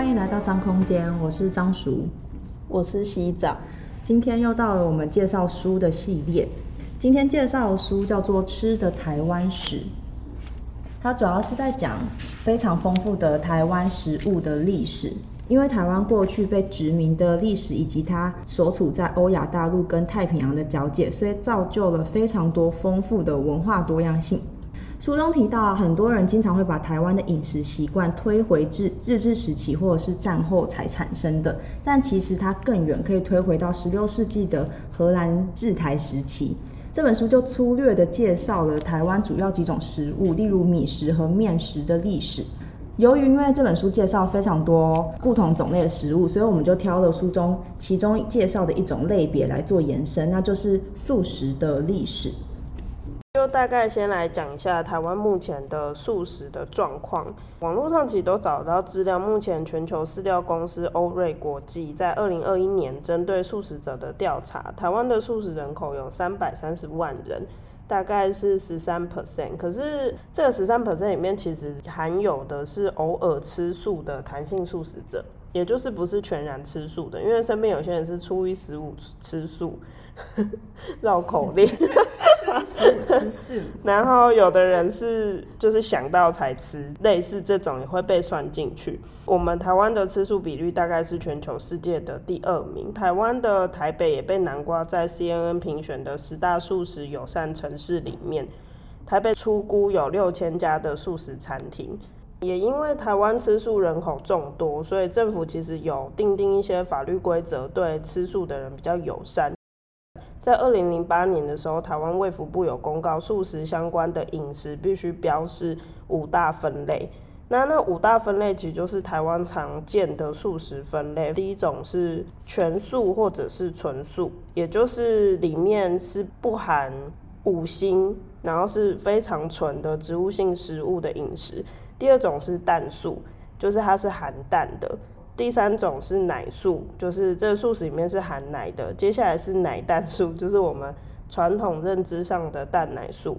歡迎來到髒空間，我是張叔，我是洗澡。今天又到了我們介紹書的系列，今天介紹的書叫做《吃的台灣史》，它主要是在講非常豐富的台灣食物的歷史。因為台灣過去被殖民的歷史，以及它所處在歐亞大陸跟太平洋的交界，所以造就了非常多豐富的文化多樣性。書中提到，很多人經常會把台灣的飲食習慣推回至日治時期或者是戰後才產生的，但其實它更遠，可以推回到十六世紀的荷蘭治台時期。這本書就粗略地介紹了台灣主要幾種食物，例如米食和麵食的歷史。由於因為這本書介紹非常多不同種類的食物，所以我們就挑了書中其中介紹的一種類別來做延伸，那就是素食的歷史。就大概先來講一下台灣目前的素食的狀況。網絡上其實都找到資料，目前全球飼料公司歐瑞國際在二零二一年針對素食者的調查，台灣的素食人口有三百三十萬人，大概是十三 percent。可是這個十三 percent 裡面其實含有的是偶爾吃素的彈性素食者，也就是不是全然吃素的。因為身邊有些人是初一十五吃素，繞口令。 然後有的人是就是想到才吃，類似這種也會被算進去。我們台灣的吃素比率大概是全球世界的第二名，台灣的台北也被南瓜在 CNN 評選的十大素食友善城市裡面，台北初估有六千家的素食餐廳，也因為台灣吃素人口眾多，所以政府其實有訂定一些法律規則，對吃素的人比較友善。在二零零八年的時候，台灣衛福部有公告，素食相關的飲食必須標示五大分類。那那五大分類其實就是台灣常見的素食分類。第一種是全素或者是純素，也就是裡面是不含五辛，然後是非常純的植物性食物的飲食。第二種是蛋素，就是它是含蛋的。第三種是奶素，就是這素食裡面是含奶的。接下來是奶蛋素，就是我們傳統認知上的蛋奶素。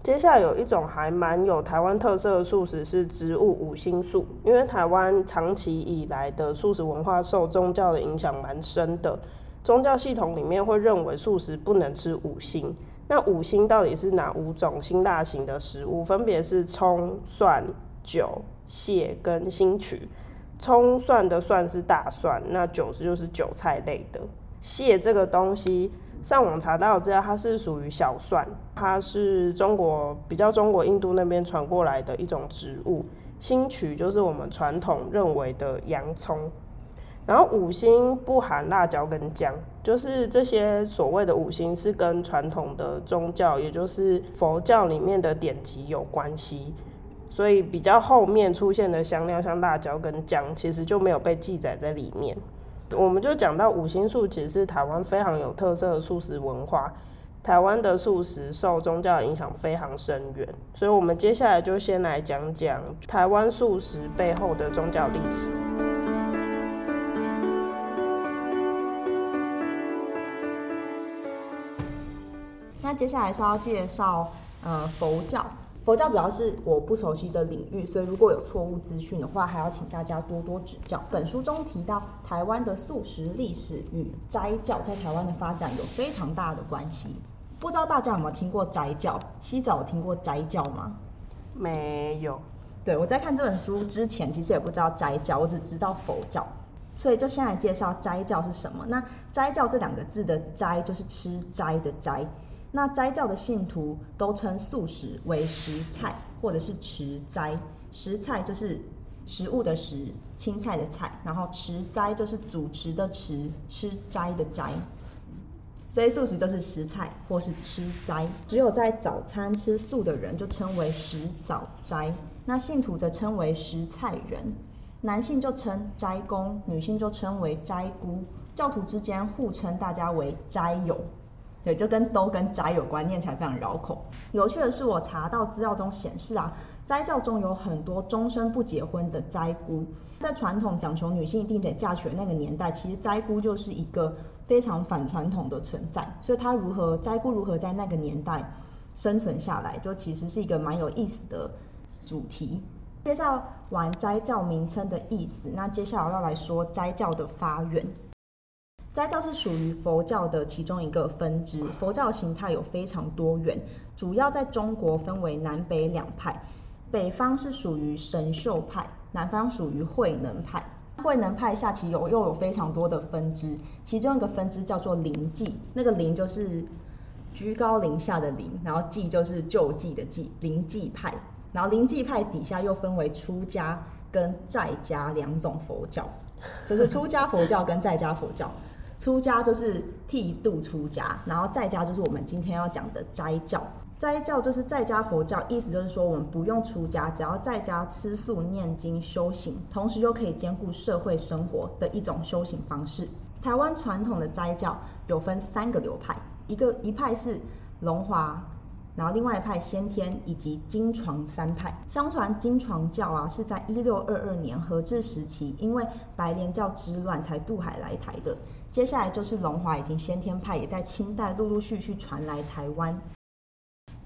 接下來有一種還蠻有台灣特色的素食是植物五辛素，因為台灣長期以來的素食文化受宗教的影響蠻深的，宗教系統裡面會認為素食不能吃五辛。那五辛到底是哪五種辛辣型的食物？分別是蔥、蒜、韭、薤跟興渠。蔥蒜的蒜是大蒜，那韭是就是韭菜類的。薤這個東西，上網查到我知道它是屬於小蒜，它是中國比較中國印度那邊傳過來的一種植物。興渠就是我們傳統認為的洋蔥。然後五辛不含辣椒跟薑，就是這些所謂的五辛是跟傳統的宗教，也就是佛教裡面的典籍有關係。所以比較後面出現的香料，像辣椒跟薑，其實就沒有被記載在裡面。我們就講到五辛素，其實是台灣非常有特色的素食文化。台灣的素食受宗教影響非常深遠，所以我們接下來就先來講講台灣素食背後的宗教歷史。那接下來是要介紹呃佛教。佛教，主要是我不熟悉的領域，所以如果有錯誤資訊的話，還要請大家多多指教。本書中提到，台灣的素食歷史與齋教在台灣的發展有非常大的關係。不知道大家有沒有聽過齋教？西早有聽過齋教嗎？沒有。對，我在看這本書之前，其實也不知道齋教，我只知道佛教，所以就先來介紹齋教是什麼。那齋教這兩個字的齋，就是吃齋的齋。那齋教的信徒都稱素食為食菜，或者是持齋。食菜就是食物的食，青菜的菜，然後持齋就是主持的持，吃齋的齋。所以素食就是食菜，或是吃齋。只有在早餐吃素的人就稱為食早齋，那信徒則稱為食菜人。男性就稱齋公，女性就稱為齋姑。教徒之間互稱大家為齋友。對，就跟都跟齋有關，念起來非常繞口。有趣的是，我查到資料中顯示啊，齋教中有很多終身不結婚的齋姑，在傳統講求女性一定得嫁娶的那個年代，其實齋姑就是一個非常反傳統的存在。所以她如何齋姑如何在那個年代生存下來，就其實是一個蠻有意思的主題。介紹完齋教名稱的意思，那接下來要來說齋教的發源。齋教是屬於佛教的其中一個分支。佛教形態有非常多元，主要在中國分為南北兩派，北方是屬於神秀派，南方屬於慧能派。慧能派下其有又有非常多的分支，其中一個分支叫做臨濟，那個臨就是居高臨下的臨，然後濟就是救濟的濟，臨濟派。然後臨濟派底下又分為出家跟在家兩種佛教，就是出家佛教跟在家佛教。出家就是剃度出家，然後在家就是我們今天要講的齋教。齋教就是在家佛教，意思就是說我們不用出家，只要在家吃素、念經、修行，同時又可以兼顧社會生活的一種修行方式。台灣傳統的齋教有分三個流派，一個一派是龍華。然後另外一派先天以及金幢三派，相傳金幢教啊是在一六二二年荷治時期，因為白蓮教之亂才渡海來台的。接下來就是龍華以及先天派，也在清代陸陸續續傳來台灣。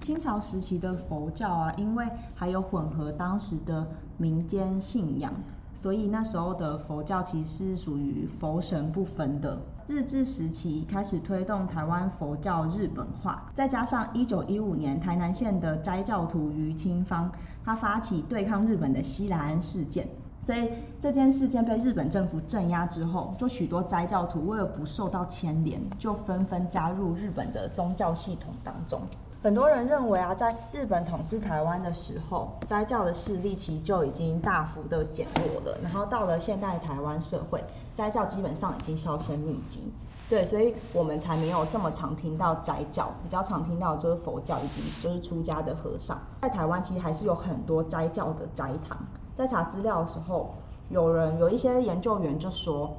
清朝時期的佛教啊，因為還有混合當時的民間信仰。所以那時候的佛教其實是屬於佛神不分的。日治時期開始推動台灣佛教日本化，再加上一九一五年台南縣的齋教徒余清芳，他發起對抗日本的西來庵事件。所以這件事件被日本政府鎮壓之後，就許多齋教徒為了不受到牽連，就紛紛加入日本的宗教系統當中。很多人認為啊，在日本統治台灣的時候，齋教的勢力其實就已經大幅的減弱了。然後到了現代台灣社會，齋教基本上已經銷聲匿跡。對，所以我們才沒有這麼常聽到齋教，比較常聽到的就是佛教，以及就是出家的和尚。在台灣其實還是有很多齋教的齋堂。在查資料的時候，有人有一些研究員就說，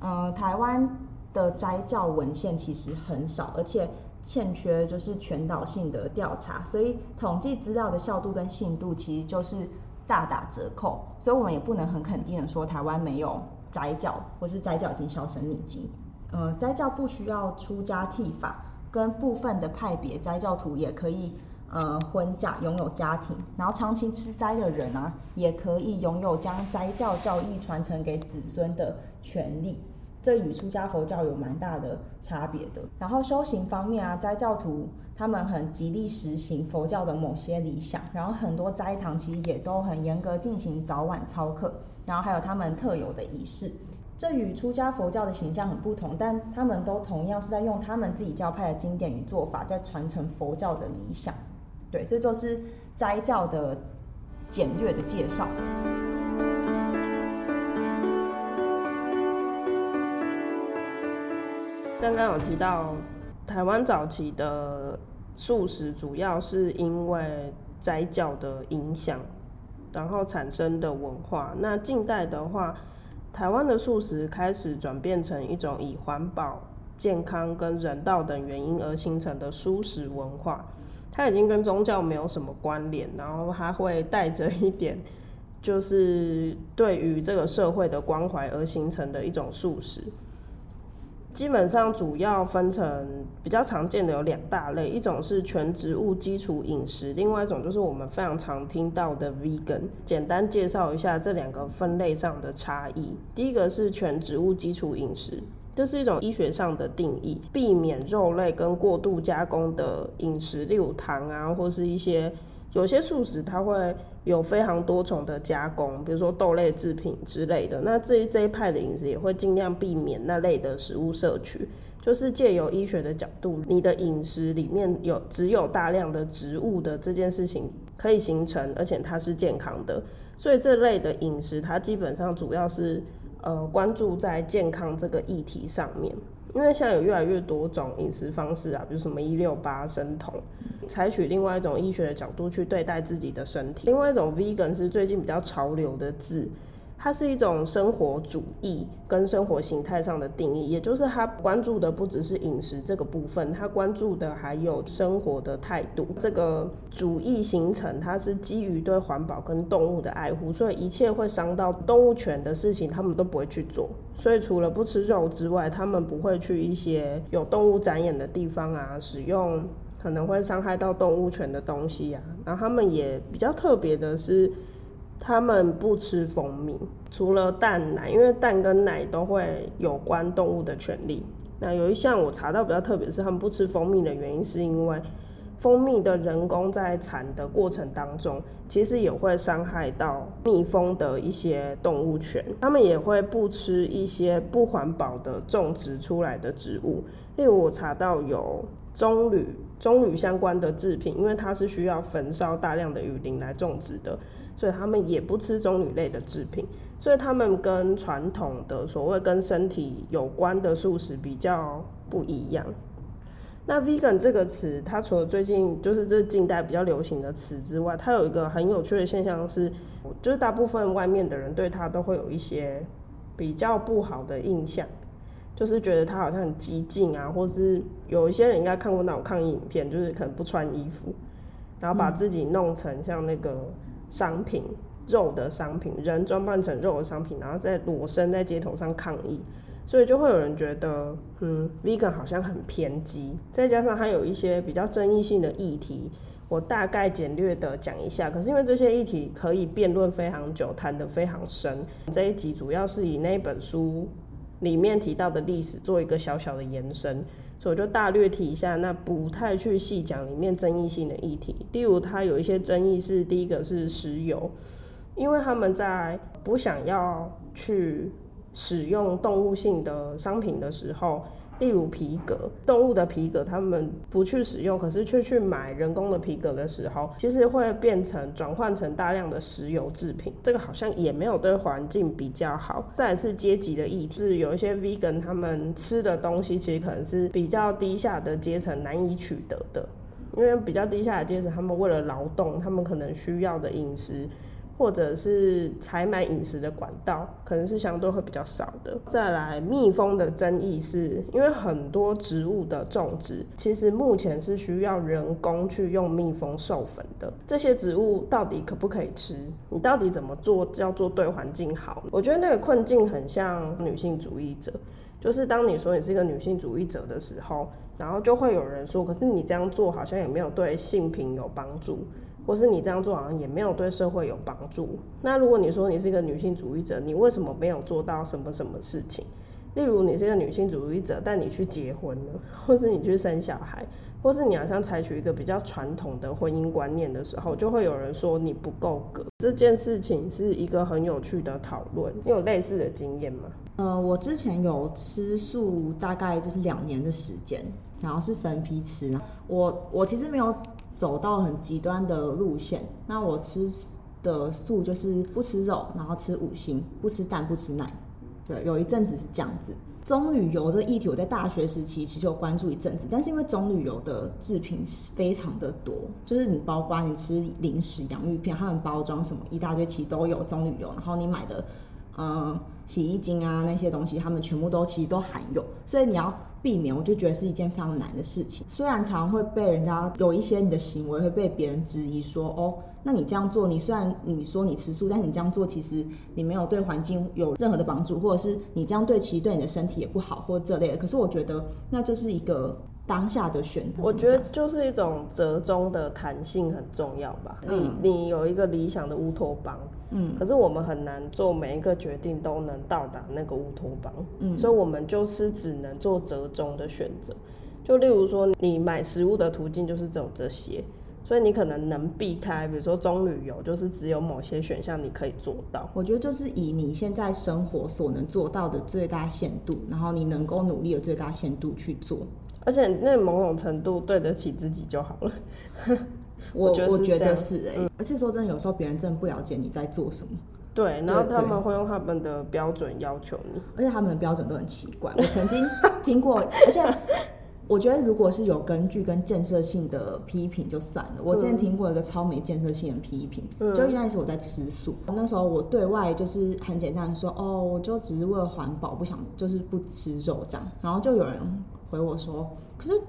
嗯，台灣的齋教文獻其實很少，而且，欠缺，就是全島性的調查，所以統計資料的效度跟信度其實就是大打折扣，所以我們也不能很肯定的說台灣沒有齋教或是齋教已經銷聲匿跡。呃，齋教不需要出家剃髮，跟部分的派別齋教徒也可以呃婚嫁擁有家庭，然後長期吃齋的人啊，也可以擁有將齋教教義傳承給子孫的權利。這與出家佛教有蠻大的差別的。然後修行方面啊，齋教徒他們很極力實行佛教的某些理想，然後很多齋堂其實也都很嚴格進行早晚操課，然後還有他們特有的儀式。這與出家佛教的形象很不同，但他們都同樣是在用他們自己教派的經典與做法在傳承佛教的理想。對，這就是齋教的簡略的介紹。剛剛有提到，台灣早期的素食主要是因為齋教的影響，然後產生的文化。那近代的話，台灣的素食開始轉變成一種以環保、健康跟人道等原因而形成的素食文化。它已經跟宗教沒有什麼關聯，然後它會帶着一點，就是對於這個社會的關懷而形成的一種素食。基本上主要分成比較常見的有兩大類，一種是全植物基礎飲食，另外一種就是我們非常常聽到的 Vegan。簡單介紹一下這兩個分類上的差異。第一個是全植物基礎飲食，這、就是一種醫學上的定義，避免肉類跟過度加工的飲食，例如糖啊，或是一些有些素食它會。有非常多種的加工，比如說豆類製品之類的。那這一這一派的飲食，也會盡量避免那類的食物攝取，就是借由醫學的角度，你的飲食裡面有只有大量的植物的這件事情，可以形成，而且它是健康的。所以這類的飲食，它基本上主要是呃關注在健康這個議題上面。因為現在有越來越多種飲食方式啊，比如什麼一六八生酮，採取另外一種醫學的角度去對待自己的身體。另外一種 Vegan 是最近比較潮流的字。它是一種生活主義跟生活形態上的定義，也就是它關注的不只是飲食這個部分，它關注的還有生活的態度。這個主義形成，它是基於對環保跟動物的愛護，所以一切會傷到動物權的事情，他們都不會去做。所以除了不吃肉之外，他們不會去一些有動物展演的地方啊，使用可能會傷害到動物權的東西啊。然後他們也比較特別的是。他們不吃蜂蜜，除了蛋奶，因為蛋跟奶都會有關動物的權利。那有一項我查到比較特別，是他們不吃蜂蜜的原因，是因為蜂蜜的人工在產的過程當中，其實也會傷害到蜜蜂的一些動物權。他們也會不吃一些不環保的種植出來的植物，例如我查到有棕櫚、棕櫚相關的制品，因為它是需要焚燒大量的雨林來種植的。所以他們也不吃棕櫚類的製品，所以他們跟傳統的所謂跟身體有關的素食比較不一樣。那 vegan 這個詞，它除了最近就是這近代比較流行的詞之外，它有一個很有趣的現象是，就是大部分外面的人對它都會有一些比較不好的印象，就是覺得它好像很激進啊，或是有一些人應該看過那種抗議影片，就是可能不穿衣服，然後把自己弄成像那個。商品，肉的商品，人裝扮成肉的商品，然後在裸身在街頭上抗議，所以就會有人覺得，嗯，Vegan 好像很偏激。再加上它有一些比較爭議性的議題，我大概簡略的講一下。可是因為這些議題可以辯論非常久，談得非常深，這一集主要是以那本書裡面提到的歷史做一個小小的延伸。所以我就大略提一下，那不太去細講裡面爭議性的議題。第五，它有一些爭議是，第一個是石油，因為他們在不想要去使用動物性的商品的時候。例如皮革，動物的皮革，他們不去使用，可是卻去買人工的皮革的時候，其實會變成轉換成大量的石油製品，這個好像也沒有對環境比較好。再來是階級的議題，有一些 vegan 他們吃的東西，其實可能是比較低下的階層難以取得的，因為比較低下的階層，他們為了勞動，他們可能需要的飲食。或者是採買飲食的管道，可能是相對會比較少的。再來，蜜蜂的爭議是因為很多植物的種植，其實目前是需要人工去用蜜蜂授粉的。這些植物到底可不可以吃？你到底怎麼做要做對環境好？我覺得那個困境很像女性主義者，就是當你說你是一個女性主義者的時候，然後就會有人說，可是你這樣做好像也沒有對性平有幫助。或是你這樣做好像也沒有對社會有幫助。那如果你說你是一個女性主義者，你為什麼沒有做到什麼什麼事情？例如，你是一個女性主義者，但你去結婚了，或是你去生小孩，或是你好像採取一個比較傳統的婚姻觀念的時候，就會有人說你不夠格。這件事情是一個很有趣的討論，你有類似的經驗嗎？呃，我之前有吃素，大概就是兩年的時間，然後是分批吃。我我其實沒有。走到很極端的路線，那我吃的素就是不吃肉，然後吃五辛，不吃蛋，不吃奶。對，有一陣子是這樣子。棕櫚油這個議題，我在大學時期其實有關注一陣子，但是因為棕櫚油的制品非常的多，就是你包括你吃零食、洋芋片，他們包裝什麼一大堆，其實都有棕櫚油。然後你買的，嗯，洗衣精啊那些東西，他們全部都其實都含有，所以你要。避免我就覺得是一件非常難的事情。雖然常常會被人家有一些你的行為會被別人質疑說，說哦，那你這樣做，你雖然你說你吃素，但你這樣做其實你沒有對環境有任何的幫助，或者是你這樣對其實對你的身體也不好，或這類的。可是我覺得那這是一個。當下的選擇，我覺得就是一種折中的彈性很重要吧。嗯、你你有一個理想的烏托邦，嗯，可是我們很難做每一個決定都能到達那個烏托邦，嗯，所以我們就是只能做折中的選擇。就例如說，你買食物的途徑就是只有這些，所以你可能能避開，比如說中旅遊，就是只有某些選項你可以做到。我覺得就是以你現在生活所能做到的最大限度，然後你能夠努力的最大限度去做。而且那某種程度對得起自己就好了，我我覺得是哎。是欸嗯、而且說真的，有時候別人真的不了解你在做什麼，對，然後他們會用他們的標準要求你，而且他們的標準都很奇怪。我曾經聽過， 而且我覺得如果是有根據跟建設性的批評就算了。我之前聽過一個超沒建設性的批評。嗯、就應該是我在吃素。那時候我對外就是很簡單說，哦，我就只是為了環保，不想就是不吃肉這樣，然後就有人，回我說，可是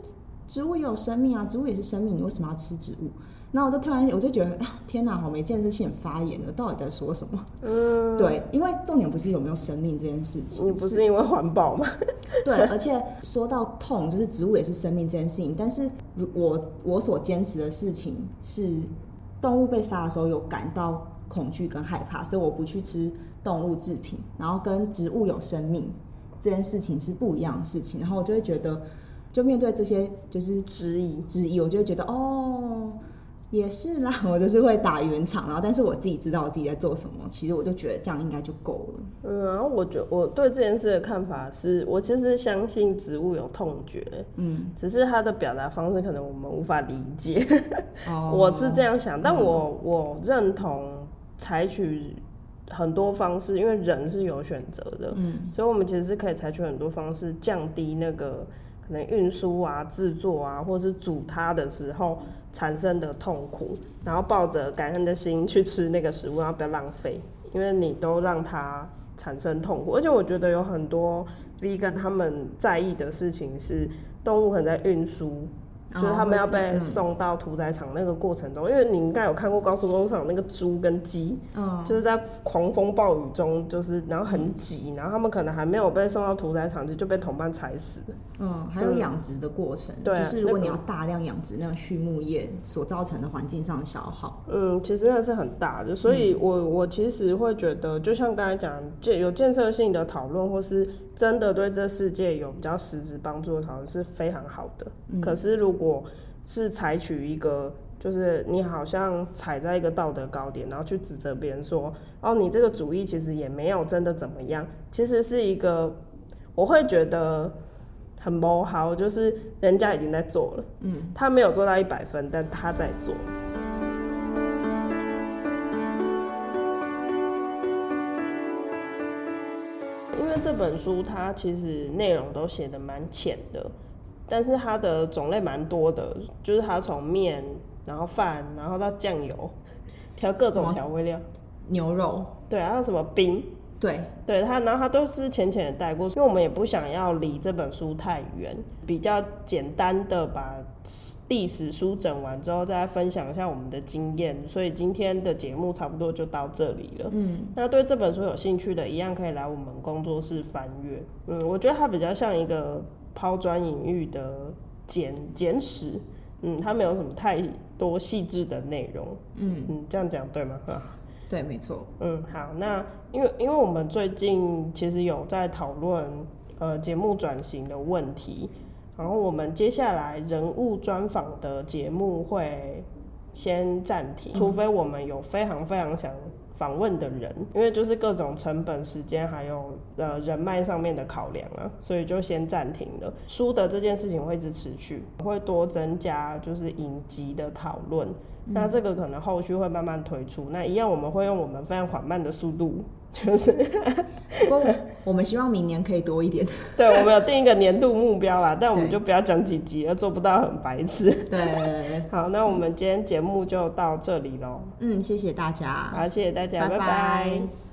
植物也有生命啊，植物也是生命，你為什麼要吃植物？那我就突然我就覺得，天哪，我沒建設性發言了，我到底在說什麼？嗯，對，因為重點不是有沒有生命這件事情，你不是因為環保嗎？ 對，而且說到痛，就是植物也是生命這件事情，但是我我所堅持的事情是，動物被殺的時候有感到恐懼跟害怕，所以我不去吃動物製品，然後跟植物有生命。這件事情是不一樣的事情，然後我就會覺得，就面對這些就是質疑質疑，我就會覺得哦，也是啦，我就是會打圓場，然後但是我自己知道我自己在做什麼，其實我就覺得這樣應該就夠了。嗯，然後我覺得我對這件事的看法是我其實相信植物有痛覺，嗯，只是它的表達方式可能我們無法理解，哦、 我是這樣想，嗯、但我我認同採取。很多方式，因為人是有選擇的，嗯，所以我們其實是可以採取很多方式降低那個可能運輸啊、製作啊，或者是煮它的時候產生的痛苦，然後抱着感恩的心去吃那個食物，然後不要浪費，因為你都讓它產生痛苦。而且我覺得有很多 vegan 他們在意的事情是動物可能在運輸。就是他們要被送到屠宰場那個過程中，因為你應該有看過高速公路上那個豬跟雞，就是在狂風暴雨中，就是然後很擠，然後他們可能還沒有被送到屠宰場，就就被同伴踩死，嗯，嗯還有養殖的過程，嗯，就是如果你要大量養殖那樣畜牧業所造成的環境上的消耗，嗯，其實那是很大的。所以我，我我其實會覺得，就像剛才講建有建設性的討論，或是真的對這世界有比較實質幫助的討論是非常好的。可是如果我是採取一個，就是你好像踩在一個道德高點，然後去指責別人說，哦，你這個主意其實也沒有真的怎麼樣，其實是一個，我會覺得很不好，就是人家已經在做了，嗯，他沒有做到一百分，但他在做。嗯。因為這本書它其實內容都寫得蠻淺的。但是它的種類蠻多的，就是它從麵，然後飯，然後到醬油，調各種調味料，牛肉，對，還有什麼冰，對，對它，然後它都是淺淺的帶過，因為我們也不想要離這本書太遠，比較簡單的把歷史書整完之後，再分享一下我們的經驗，所以今天的節目差不多就到這裡了。嗯，那對這本書有興趣的，一樣可以來我們工作室翻閱。嗯，我覺得它比較像一個。拋磚引玉的簡簡史，嗯，它沒有什麼太多細緻的內容，嗯，嗯，這樣講對嗎？啊，對，沒錯，嗯，好，那因為因為我們最近其實有在討論呃節目轉型的問題，然後我們接下來人物專訪的節目會。先暫停，除非我們有非常非常想訪問的人，因為就是各種成本、時間還有呃人脈上面的考量啊，所以就先暫停了。書的這件事情會一直持續，會多增加就是影集的討論，嗯、那這個可能後續會慢慢推出。那一樣我們會用我們非常緩慢的速度。就是，不過， 我們希望明年可以多一點。 對，我們有定一個年度目標啦， 對 但我們就不要講幾集又做不到很白痴。對，好，嗯、那我們今天節目就到這裡嘍。嗯，謝謝大家。好，謝謝大家，拜拜。拜拜。